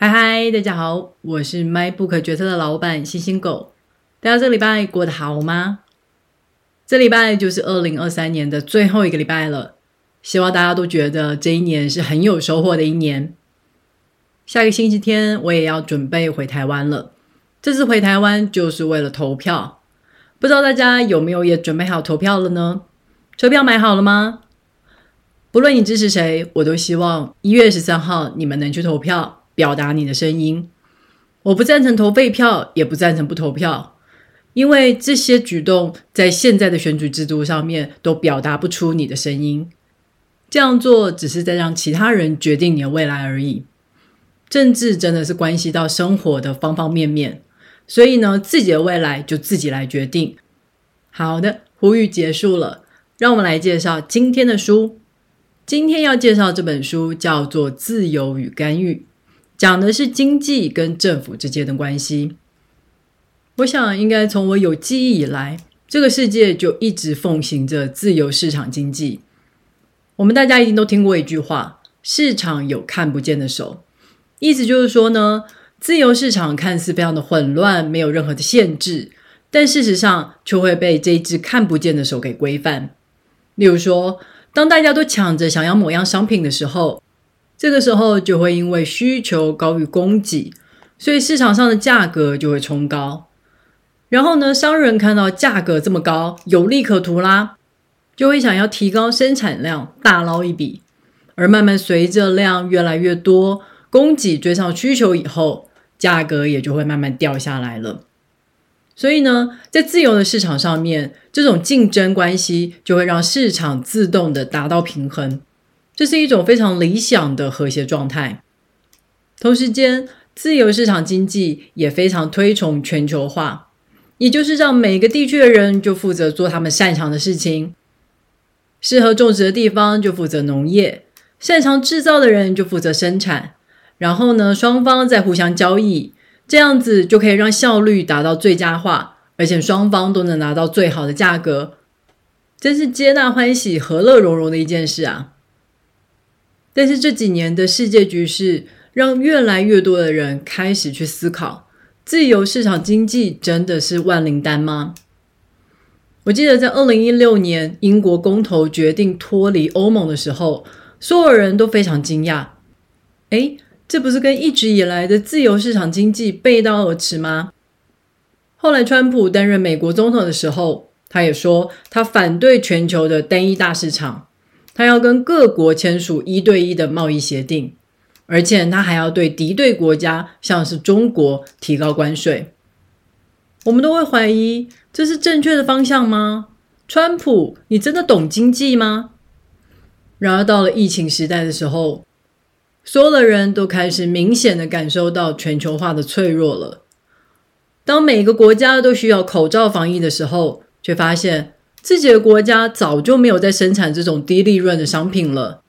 嗨嗨，大家好，我是 MyBook 決策的老闆星星狗。大家這個禮拜過得好嗎？這禮拜就是二零二三年的最後一個禮拜了，希望大家都覺得這一年是很有收穫的一年。下個星期天我也要準備回台灣了，這次回台灣就是為了投票。不知道大家有沒有也準備好投票了呢？車票買好了嗎？不論你支持誰，我都希望一月十三號你們能去投票。表達你的聲音，我不贊成投廢票，也不贊成不投票，因為這些舉動在現在的選舉制度上面都表達不出你的聲音。這樣做只是在讓其他人決定你的未來而已。政治真的是關係到生活的方方面面，所以呢，自己的未來就自己來決定。好的，呼籲結束了，讓我們來介紹今天的書。今天要介紹這本書叫做《自由與干預》。講的是經濟跟政府之間的關係。我想，應該從我有記憶以來，這個世界就一直奉行着自由市場經濟。我們大家一定都聽過一句話：“市場有看不見的手。”意思就是說呢，自由市場看似非常的混亂，沒有任何的限制，但事實上卻會被這一隻看不見的手給規範。例如說，當大家都搶着想要某樣商品的時候。這個時候就會因為需求高於供給，所以市場上的價格就會衝高。然後呢，商人看到價格這麼高，有利可圖啦，就會想要提高生產量，大撈一筆。而慢慢隨着量越來越多，供給追上需求以後，價格也就會慢慢掉下來了。所以呢，在自由的市場上面，這種競爭關係就會讓市場自動的達到平衡。這是一種非常理想的和諧狀態。同時間，自由市場經濟也非常推崇全球化，也就是讓每個地區的人就負責做他們擅長的事情，適合種植的地方就負責農業，擅長製造的人就負責生產，然後呢，雙方再互相交易，這樣子就可以讓效率達到最佳化，而且雙方都能拿到最好的價格，真是皆大歡喜、和樂融融的一件事啊！但是這幾年的世界局勢，讓越來越多的人開始去思考：自由市場經濟真的是萬靈丹嗎？我記得在二零一六年英國公投決定脫離歐盟的時候，所有人都非常驚訝。誒，這不是跟一直以來的自由市場經濟背道而馳嗎？後來川普擔任美國總統的時候，他也說他反對全球的單一大市場。他要跟各國簽署一對一的貿易協定，而且他還要對敵對國家，像是中國提高關稅。我們都會懷疑這是正確的方向嗎？川普，你真的懂經濟嗎？然而，到了疫情時代的時候，所有的人都開始明顯的感受到全球化的脆弱了。當每個國家都需要口罩防疫的時候，卻發現，自己的國家早就沒有在生產這種低利潤的商品了，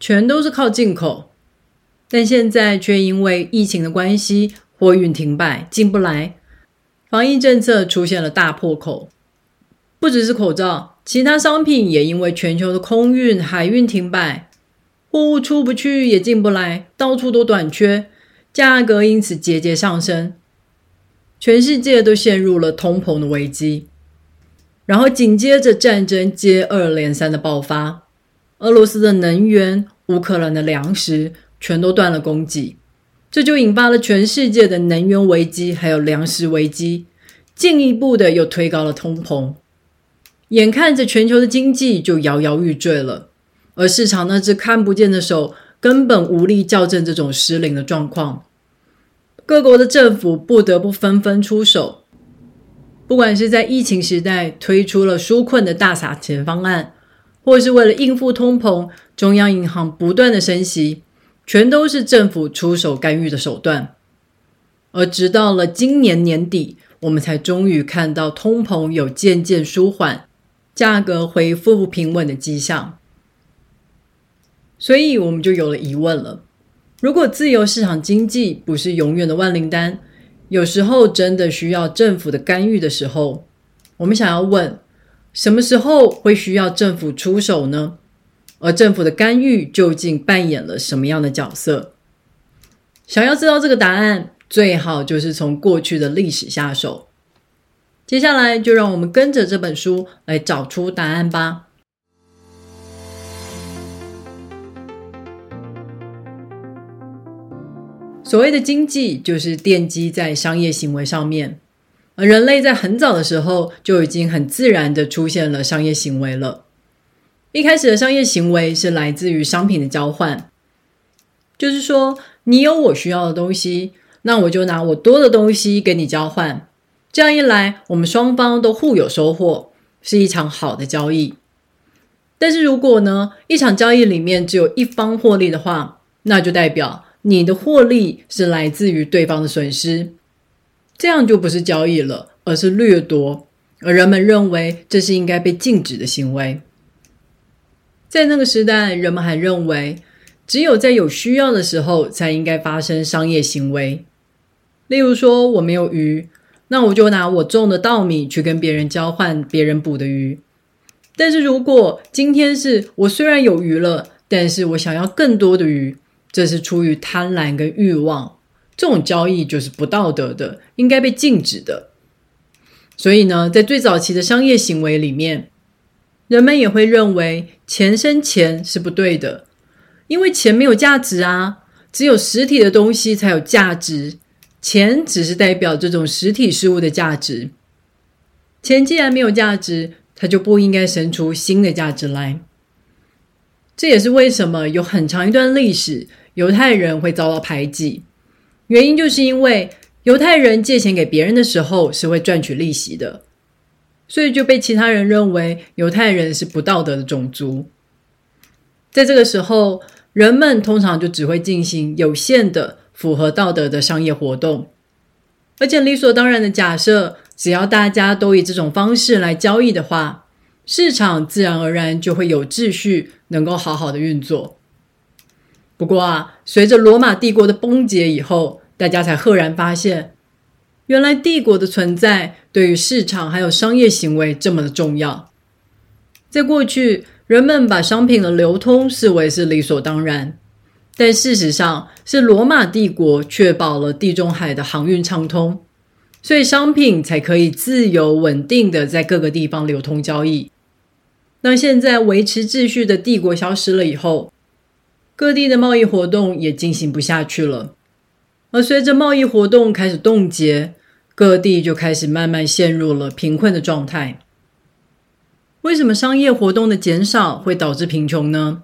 全都是靠進口，但現在卻因為疫情的關係，貨運停擺，進不來，防疫政策出現了大破口。不只是口罩，其他商品也因為全球的空運、海運停擺，貨物出不去也進不來，到處都短缺，價格因此節節上升，全世界都陷入了通膨的危機。然後緊接着戰爭接二連三的爆發，俄羅斯的能源、烏克蘭的糧食全都斷了供給，這就引發了全世界的能源危機，還有糧食危機，進一步的又推高了通膨。眼看着全球的經濟就搖搖欲墜了，而市場那隻看不見的手根本無力校正這種失靈的狀況，各國的政府不得不紛紛出手。不管是在疫情時代推出了紓困的大撒錢方案，或是為了應付通膨，中央銀行不斷的升息，全都是政府出手干預的手段。而直到了今年年底，我們才終於看到通膨有漸漸舒緩、價格恢復不平穩的跡象。所以我們就有了疑問了：如果自由市場經濟不是永遠的萬靈丹？有時候真的需要政府的干預的時候，我們想要問，什麼時候會需要政府出手呢？而政府的干預究竟扮演了什麼樣的角色？想要知道這個答案，最好就是從過去的歷史下手。接下來就讓我們跟着這本書來找出答案吧。所謂的經濟就是奠基在商業行為上面，而人類在很早的時候就已經很自然的出現了商業行為了。一開始的商業行為是來自於商品的交換，就是說你有我需要的東西，那我就拿我多的東西跟你交換。這樣一來，我們雙方都互有收穫，是一場好的交易。但是如果呢，一場交易裡面只有一方獲利的話，那就代表。你的獲利是來自於對方的損失，這樣就不是交易了，而是掠奪。而人們認為這是應該被禁止的行為。在那個時代，人們還認為，只有在有需要的時候才應該發生商業行為。例如說，我沒有魚，那我就拿我種的稻米去跟別人交換別人捕的魚。但是如果今天是我雖然有魚了，但是我想要更多的魚。這是出於貪婪跟慾望，這種交易就是不道德的，應該被禁止的。所以呢，在最早期的商業行為裡面，人們也會認為錢生錢是不對的，因為錢沒有價值啊，只有實體的東西才有價值，錢只是代表這種實體事物的價值。錢既然沒有價值，它就不應該生出新的價值來。這也是為什麼有很長一段歷史，猶太人會遭到排擠，原因就是因為猶太人借錢給別人的時候是會賺取利息的，所以就被其他人認為猶太人是不道德的種族。在這個時候，人們通常就只會進行有限的、符合道德的商業活動，而且理所當然的假設，只要大家都以這種方式來交易的話，市場自然而然就會有秩序，能夠好好的運作。不過啊，隨着羅馬帝國的崩解以後，大家才赫然發現，原來帝國的存在對於市場還有商業行為這麼的重要。在過去，人們把商品的流通視為是理所當然，但事實上是羅馬帝國確保了地中海的航運暢通，所以商品才可以自由穩定的在各個地方流通交易。那現在維持秩序的帝國消失了以後，各地的貿易活動也進行不下去了，而隨着貿易活動開始凍結，各地就開始慢慢陷入了貧困的狀態。為什麼商業活動的減少會導致貧窮呢？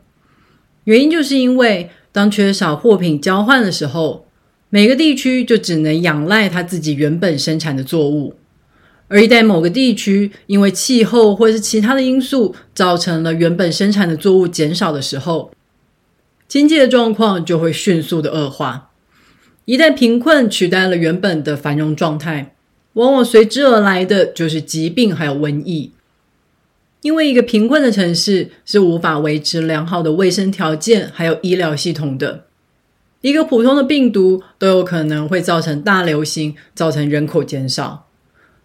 原因就是因為當缺少貨品交換的時候，每個地區就只能仰賴他自己原本生產的作物，而一旦某個地區因為氣候或是其他的因素造成了原本生產的作物減少的時候，經濟的狀況就會迅速的惡化。一旦貧困取代了原本的繁榮狀態，往往隨之而來的就是疾病，還有瘟疫。因為一個貧困的城市是無法維持良好的衛生條件，還有醫療系統的。一個普通的病毒都有可能會造成大流行，造成人口減少。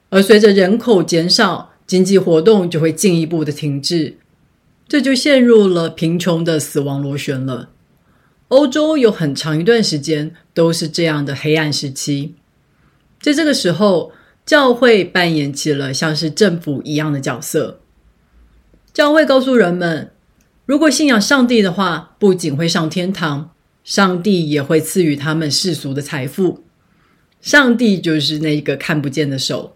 而隨着人口減少，經濟活動就會進一步的停滯。這就陷入了貧窮的死亡螺旋了。歐洲有很長一段時間都是這樣的黑暗時期，在這個時候，教會扮演起了像是政府一樣的角色。教會告訴人們，如果信仰上帝的話，不僅會上天堂，上帝也會賜予他們世俗的財富。上帝就是那個看不見的手，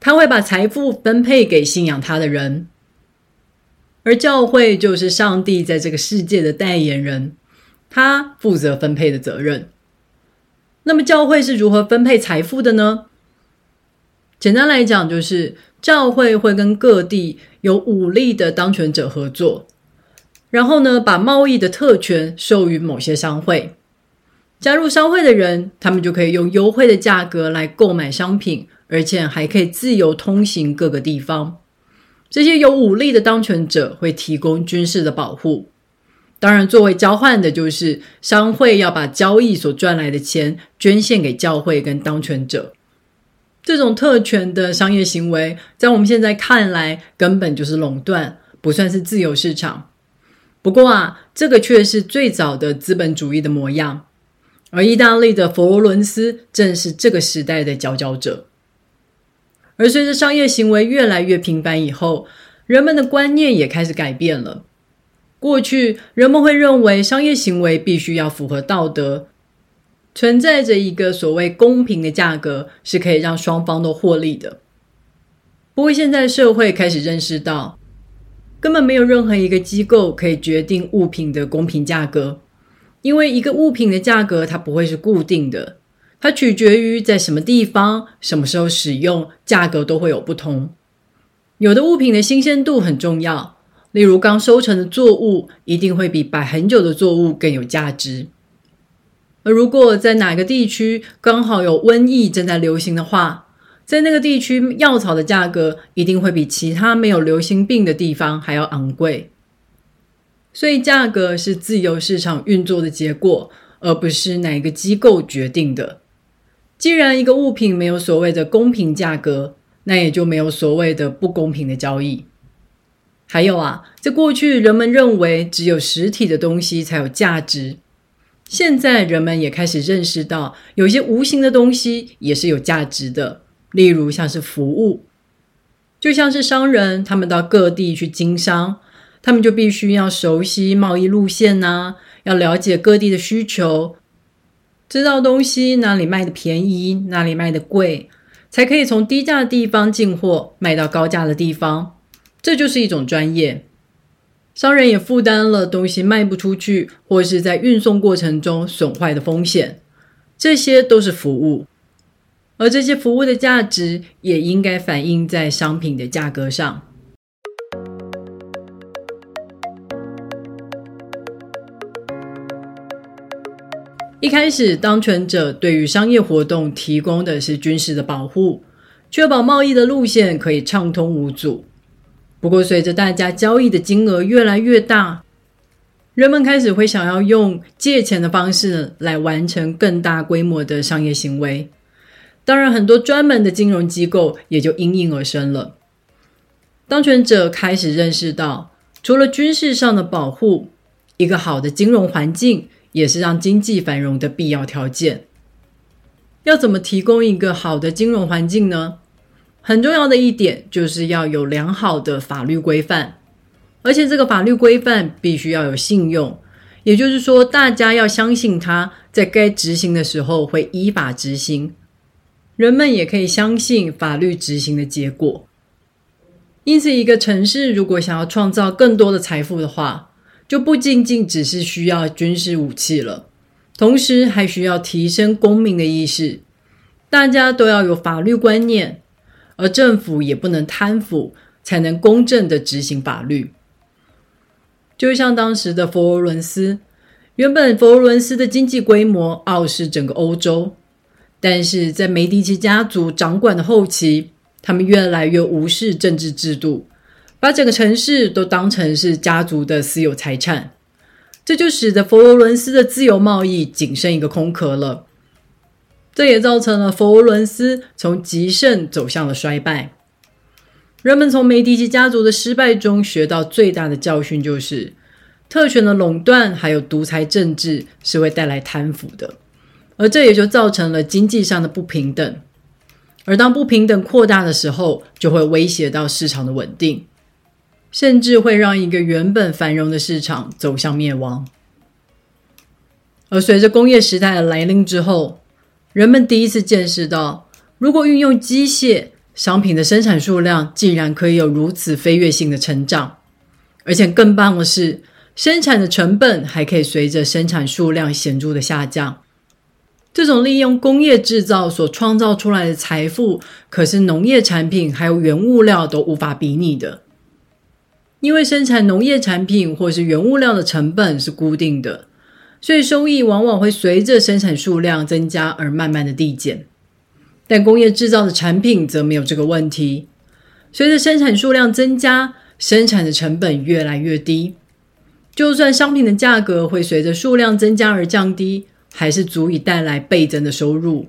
他會把財富分配給信仰他的人。而教會就是上帝在這個世界的代言人，他負責分配的責任。那麼教會是如何分配財富的呢？簡單來講，就是教會會跟各地有武力的當權者合作，然後呢，把貿易的特權授予某些商會。加入商會的人，他們就可以用優惠的價格來購買商品，而且還可以自由通行各個地方。這些有武力的當權者會提供軍事的保護，當然作為交換的就是商會要把交易所賺來的錢捐獻給教會跟當權者。這種特權的商業行為，在我們現在看來根本就是壟斷，不算是自由市場。不過啊，這個卻是最早的資本主義的模樣，而意大利的佛羅倫斯正是這個時代的佼佼者。而隨着商業行為越來越頻繁以後，人們的觀念也開始改變了。過去，人們會認為商業行為必須要符合道德，存在着一個所謂公平的價格是可以讓雙方都獲利的。不過，現在社會開始認識到，根本沒有任何一個機構可以決定物品的公平價格，因為一個物品的價格它不會是固定的。它取決於在什麼地方、什麼時候使用，價格都會有不同。有的物品的新鮮度很重要，例如剛收成的作物一定會比擺很久的作物更有價值。而如果在哪個地區剛好有瘟疫正在流行的話，在那個地區藥草的價格一定會比其他沒有流行病的地方還要昂貴。所以，價格是自由市場運作的結果，而不是哪一個機構決定的。既然一個物品沒有所謂的公平價格，那也就沒有所謂的不公平的交易。還有啊，在過去人們認為只有實體的東西才有價值，現在人們也開始認識到，有些無形的東西也是有價值的。例如，像是服務，就像是商人，他們到各地去經商，他們就必須要熟悉貿易路線吶、啊，要了解各地的需求。知道東西哪裡賣的便宜，哪裡賣的貴，才可以從低價的地方進貨，賣到高價的地方。這就是一種專業。商人也負擔了東西賣不出去，或是在運送過程中損壞的風險。這些都是服務，而這些服務的價值也應該反映在商品的價格上。一開始，當權者對於商業活動提供的是軍事的保護，確保貿易的路線可以暢通無阻。不過，隨着大家交易的金額越來越大，人們開始會想要用借錢的方式來完成更大規模的商業行為。當然，很多專門的金融機構也就應運而生了。當權者開始認識到，除了軍事上的保護，一個好的金融環境，也是讓經濟繁榮的必要條件。要怎麼提供一個好的金融環境呢？很重要的一點就是要有良好的法律規範，而且這個法律規範必須要有信用，也就是說，大家要相信它在該執行的時候會依法執行，人們也可以相信法律執行的結果。因此，一個城市如果想要創造更多的財富的話，就不僅僅只是需要軍事武器了，同時還需要提升公民的意識，大家都要有法律觀念，而政府也不能貪腐，才能公正地執行法律。就像當時的佛羅倫斯，原本佛羅倫斯的經濟規模傲視整個歐洲，但是在梅迪奇家族掌管的後期，他們越來越無視政治制度。把整個城市都當成是家族的私有財產，這就使得佛羅倫斯的自由貿易僅剩一個空殼了。這也造成了佛羅倫斯從極盛走向了衰敗。人們從梅迪奇家族的失敗中學到最大的教訓就是，特權的壟斷還有獨裁政治是會帶來貪腐的，而這也就造成了經濟上的不平等。而當不平等擴大的時候，就會威脅到市場的穩定。甚至會讓一個原本繁榮的市場走向滅亡。而隨着工業時代的來臨之後，人們第一次見識到，如果運用機械，商品的生產數量竟然可以有如此飛躍性的成長，而且更棒的是，生產的成本還可以隨着生產數量顯著的下降。這種利用工業製造所創造出來的財富，可是農業產品還有原物料都無法比擬的。因為生產農業產品或是原物料的成本是固定的，所以收益往往會隨着生產數量增加而慢慢的遞減。但工業製造的產品則沒有這個問題，隨着生產數量增加，生產的成本越來越低，就算商品的價格會隨着數量增加而降低，還是足以帶來倍增的收入。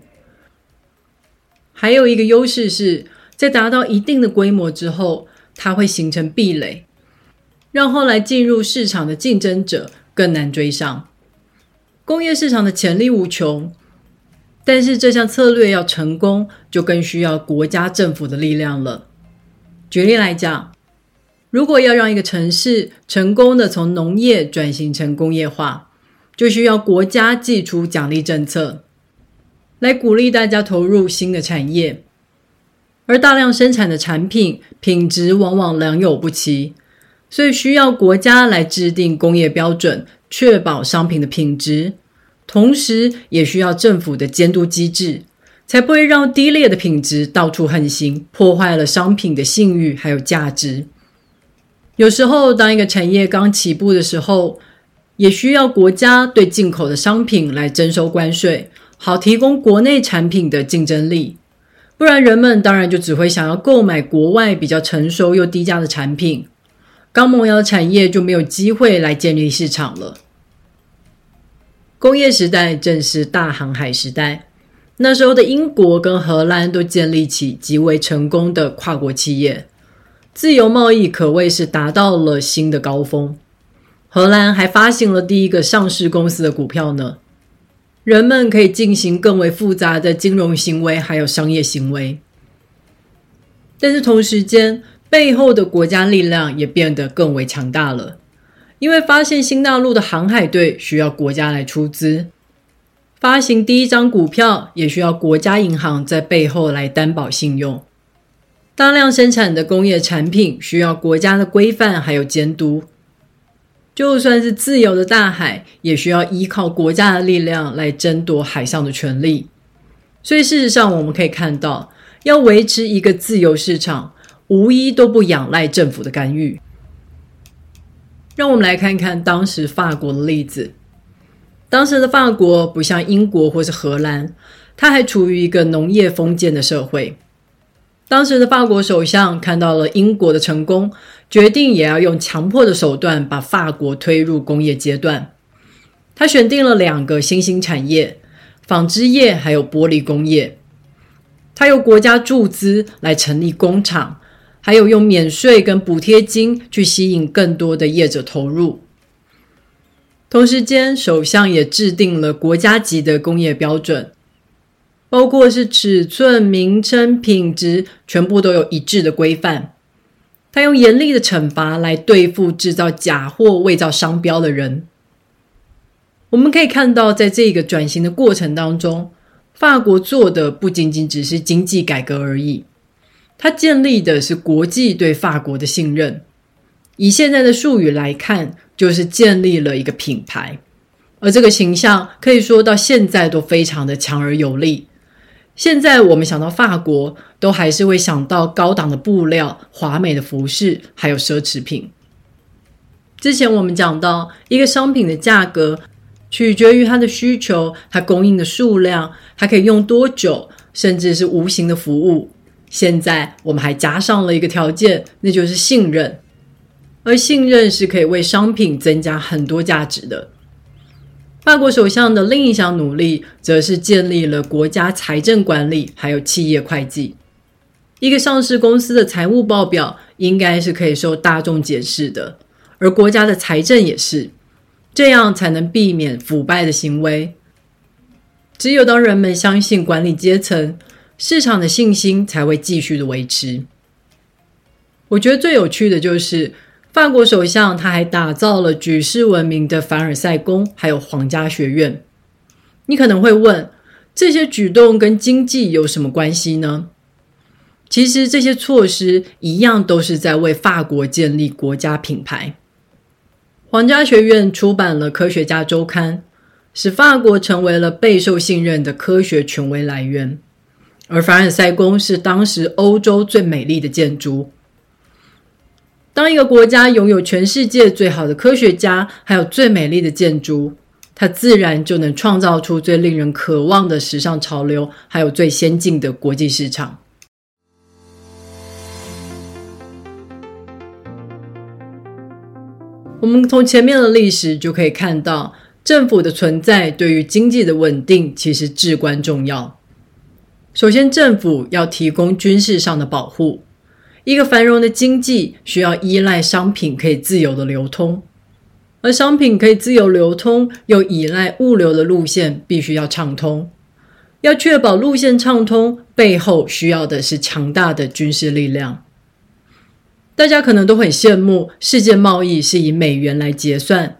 還有一個優勢是在達到一定的規模之後，它會形成壁壘。讓後來進入市場的競爭者更難追上。工業市場的潛力無窮，但是這項策略要成功，就更需要國家政府的力量了。舉例來講，如果要讓一個城市成功的從農業轉型成工業化，就需要國家祭出獎勵政策，來鼓勵大家投入新的產業。而大量生產的產品品質往往良莠不齊。所以需要國家來制定工業標準，確保商品的品質，同時也需要政府的監督機制，才不會讓低劣的品質到處橫行，破壞了商品的信譽還有價值。有時候，當一個產業剛起步的時候，也需要國家對進口的商品來徵收關稅，好提供國內產品的競爭力，不然人們當然就只會想要購買國外比較成熟又低價的產品。剛萌芽的產業就沒有機會來建立市場了。工業時代正是大航海時代，那時候的英國跟荷蘭都建立起極為成功的跨國企業，自由貿易可謂是達到了新的高峰。荷蘭還發行了第一個上市公司的股票呢。人們可以進行更為複雜的金融行為，還有商業行為。但是同時間，背後的國家力量也變得更為強大了，因為發現新大陸的航海隊需要國家來出資，發行第一張股票也需要國家銀行在背後來擔保信用，大量生產的工業產品需要國家的規範還有監督，就算是自由的大海也需要依靠國家的力量來爭奪海上的權利，所以事實上我們可以看到，要維持一個自由市場，無一都不仰賴政府的干預。讓我們來看看當時法國的例子。當時的法國不像英國或是荷蘭，它還處於一個農業封建的社會。當時的法國首相看到了英國的成功，決定也要用強迫的手段把法國推入工業階段。他選定了兩個新興產業，紡織業還有玻璃工業。他由國家注資來成立工廠。還有用免稅跟補貼金去吸引更多的業者投入。同時間，首相也制定了國家級的工業標準，包括是尺寸、名稱、品質，全部都有一致的規範。他用嚴厲的懲罰來對付制造假貨、偽造商標的人。我們可以看到，在這個轉型的過程當中，法國做的不僅僅只是經濟改革而已。它建立的是國際對法國的信任，以現在的術語來看，就是建立了一個品牌，而這個形象可以說到現在都非常的強而有力。現在我們想到法國，都還是會想到高檔的布料、華美的服飾，還有奢侈品。之前我們講到，一個商品的價格取決於它的需求、它供應的數量、它可以用多久，甚至是無形的服務。現在我們還加上了一個條件，那就是信任，而信任是可以為商品增加很多價值的。法國首相的另一項努力，則是建立了國家財政管理，還有企業會計。一個上市公司的財務報表應該是可以受大眾檢視的，而國家的財政也是，這樣才能避免腐敗的行為。只有當人們相信管理階層。市場的信心才會繼續的維持。我覺得最有趣的就是法國首相，他還打造了舉世聞名的凡爾賽宮，還有皇家學院。你可能會問，這些舉動跟經濟有什麼關係呢？其實這些措施一樣都是在為法國建立國家品牌。皇家學院出版了《科學家周刊》，使法國成為了備受信任的科學權威來源。而凡爾賽宮是當時歐洲最美麗的建築。當一個國家擁有全世界最好的科學家，還有最美麗的建築，它自然就能創造出最令人渴望的時尚潮流，還有最先進的國際市場。我們從前面的歷史就可以看到，政府的存在對於經濟的穩定其實至關重要。首先，政府要提供軍事上的保護。一個繁榮的經濟需要依賴商品可以自由的流通，而商品可以自由流通，又依賴物流的路線必須要暢通。要確保路線暢通，背後需要的是強大的軍事力量。大家可能都很羨慕，世界貿易是以美元來結算，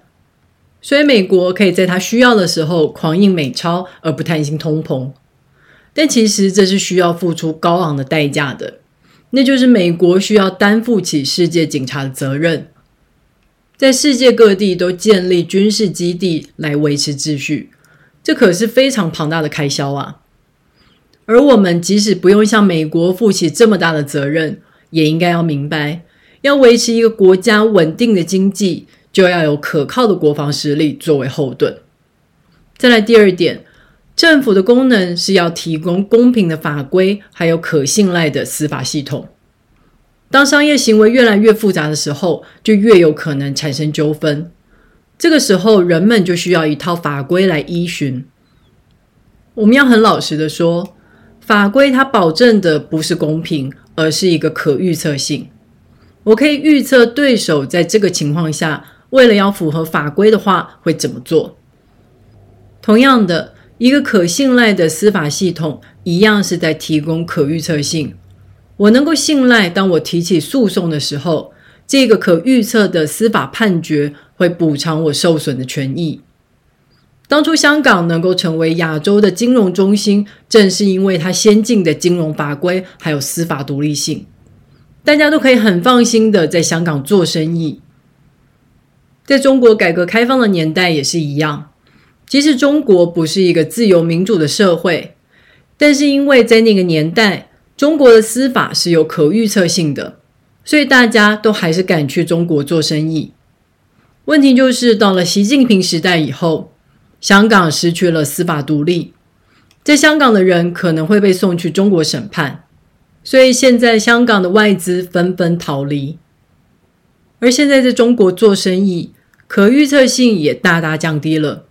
所以美國可以在它需要的時候狂印美鈔，而不擔心通膨。但其實這是需要付出高昂的代價的，那就是美國需要擔負起世界警察的責任，在世界各地都建立軍事基地來維持秩序，這可是非常龐大的開銷啊！而我們即使不用像美國負起這麼大的責任，也應該要明白，要維持一個國家穩定的經濟，就要有可靠的國防實力作為後盾。再來第二點。政府的功能是要提供公平的法規，還有可信賴的司法系統。當商業行為越來越複雜的時候，就越有可能產生糾紛。這個時候，人們就需要一套法規來依循。我們要很老實的說，法規它保證的不是公平，而是一個可預測性。我可以預測對手在這個情況下，為了要符合法規的話，會怎麼做。同樣的。一個可信賴的司法系統，一樣是在提供可預測性。我能夠信賴，當我提起訴訟的時候，這個可預測的司法判決會補償我受損的權益。當初香港能夠成為亞洲的金融中心，正是因為它先進的金融法規，還有司法獨立性。大家都可以很放心的在香港做生意。在中國改革開放的年代也是一樣。其實中國不是一個自由民主的社會，但是因為在那個年代，中國的司法是有可預測性的，所以大家都還是敢去中國做生意。問題就是到了習近平時代以後，香港失去了司法獨立，在香港的人可能會被送去中國審判，所以現在香港的外資紛紛逃離。而現在在中國做生意，可預測性也大大降低了。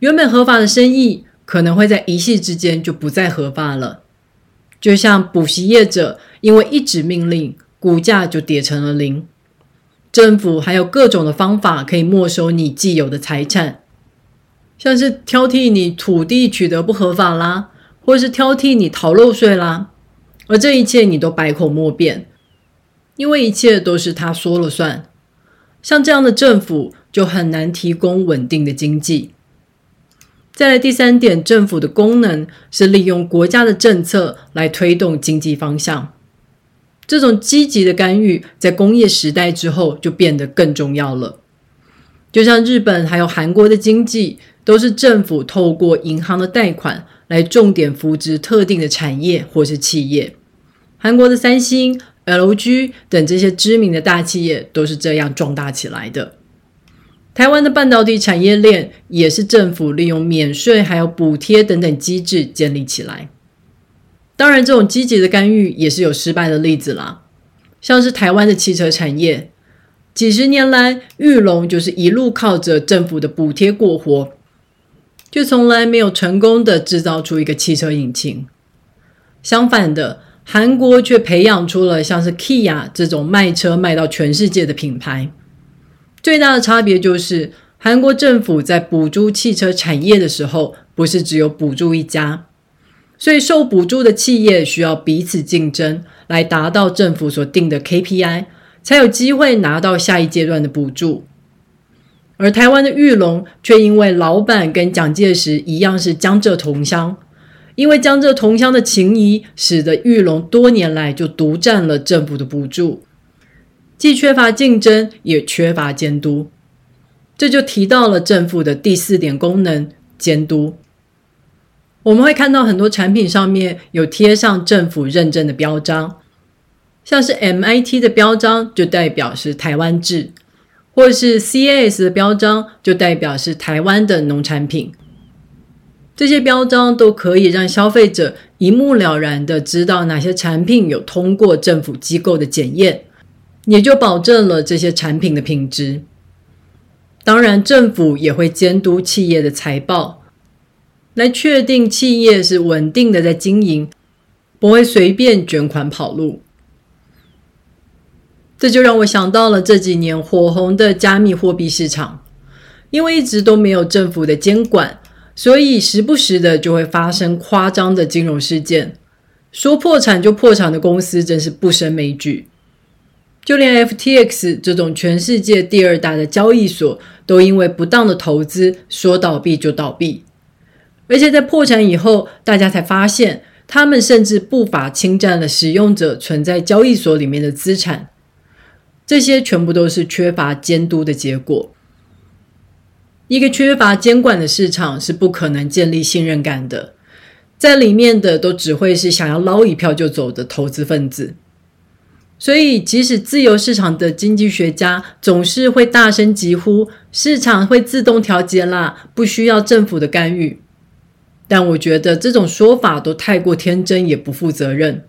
原本合法的生意可能會在一夕之間就不再合法了，就像補習業者因為一紙命令，股價就跌成了零。政府還有各種的方法可以沒收你既有的財產，像是挑剔你土地取得不合法啦，或是挑剔你逃漏稅啦，而這一切你都百口莫辯，因為一切都是他說了算。像這樣的政府就很難提供穩定的經濟。再來第三點，政府的功能是利用國家的政策來推動經濟方向。這種積極的干預在工業時代之後就變得更重要了。就像日本還有韓國的經濟，都是政府透過銀行的貸款來重點扶植特定的產業或是企業。韓國的三星、LG 等這些知名的大企業都是這樣壯大起來的。台灣的半導體產業鏈也是政府利用免稅、還有補貼等等機制建立起來。當然，這種積極的干預也是有失敗的例子啦，像是台灣的汽車產業，幾十年來裕隆就是一路靠着政府的補貼過活，卻從來沒有成功的製造出一個汽車引擎。相反的，韓國卻培養出了像是 Kia 這種賣車賣到全世界的品牌。最大的差別就是，韓國政府在補助汽車產業的時候，不是只有補助一家，所以受補助的企業需要彼此競爭，來達到政府所定的 KPI，才有機會拿到下一階段的補助。而台灣的裕隆卻因為老板跟蔣介石一樣是江浙同鄉，因為江浙同鄉的情誼，使得裕隆多年來就獨占了政府的補助。既缺乏競爭，也缺乏監督，這就提到了政府的第四點功能——監督。我們會看到很多產品上面有貼上政府認證的標章，像是 MIT 的標章就代表是台灣製，或是 CAS 的標章就代表是台灣的農產品。這些標章都可以讓消費者一目了然地知道哪些產品有通過政府機構的檢驗。也就保證了這些產品的品質。當然，政府也會監督企業的財報，來確定企業是穩定的在經營，不會隨便捲款跑路。這就讓我想到了這幾年火紅的加密貨幣市場，因為一直都沒有政府的監管，所以時不時的就會發生誇張的金融事件，說破產就破產的公司真是不勝枚舉。就連 FTX 這種全世界第二大的交易所，都因為不當的投資說倒閉就倒閉，而且在破產以後，大家才發現他們甚至不法侵佔了使用者存在交易所裡面的資產，這些全部都是缺乏監督的結果。一個缺乏監管的市場是不可能建立信任感的，在裡面的都只會是想要撈一票就走的投資分子。所以，即使自由市場的經濟學家總是會大聲疾呼，市場會自動調節啦，不需要政府的干預，但我覺得這種說法都太過天真，也不負責任。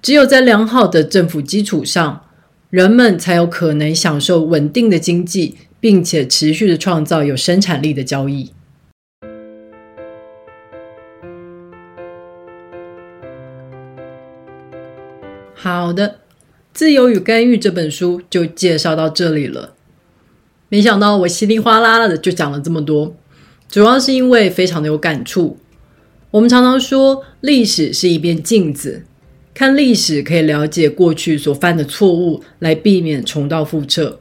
只有在良好的政府基礎上，人們才有可能享受穩定的經濟，並且持續的創造有生產力的交易。好的，《自由與干預》這本書就介紹到這裡了。沒想到我稀里嘩啦啦的就講了這麼多，主要是因為非常的有感觸。我們常常說，歷史是一面鏡子，看歷史可以了解過去所犯的錯誤，來避免重蹈覆轍。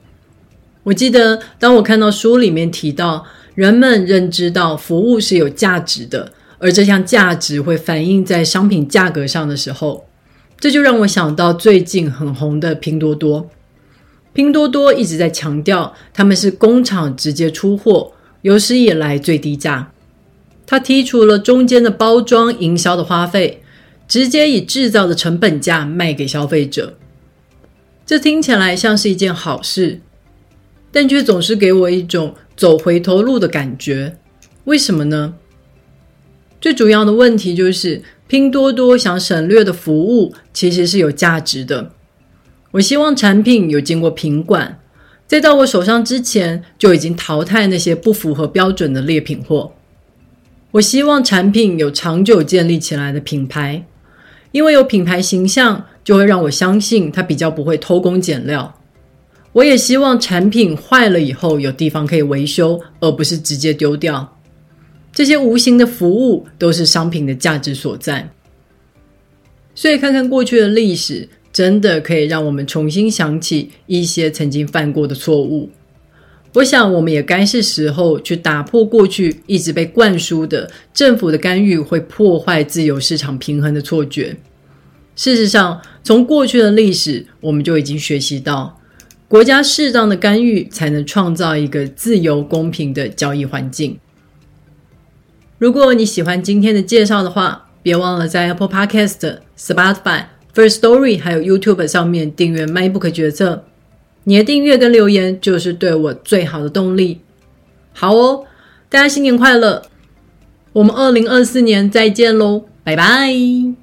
我記得當我看到書裡面提到，人們認知到服務是有價值的，而這項價值會反映在商品價格上的時候。這就讓我想到最近很紅的拼多多。拼多多一直在強調他們是工廠直接出貨，有史以來最低價。他剔除了中間的包裝、營銷的花費，直接以製造的成本價賣給消費者。這聽起來像是一件好事，但卻總是給我一種走回頭路的感覺。為什麼呢？最主要的問題就是，拼多多想省略的服務其實是有價值的。我希望產品有經過品管，在到我手上之前就已經淘汰那些不符合標準的劣品貨。我希望產品有長久建立起來的品牌，因為有品牌形象，就會讓我相信它比較不會偷工減料。我也希望產品壞了以後有地方可以維修，而不是直接丟掉。這些無形的服務都是商品的價值所在，所以看看過去的歷史，真的可以讓我們重新想起一些曾經犯過的錯誤。我想，我們也該是時候去打破過去一直被灌輸的“政府的干預會破壞自由市場平衡”的錯覺。事實上，從過去的歷史，我們就已經學習到，國家適當的干預才能創造一個自由公平的交易環境。如果你喜歡今天的介紹的話，別忘了在 Apple Podcast、Spotify、First Story 還有 YouTube 上面訂閱《MacBook 決策》。你的訂閱跟留言就是對我最好的動力。好哦，大家新年快樂！我們二零二四年再見嘍，拜拜！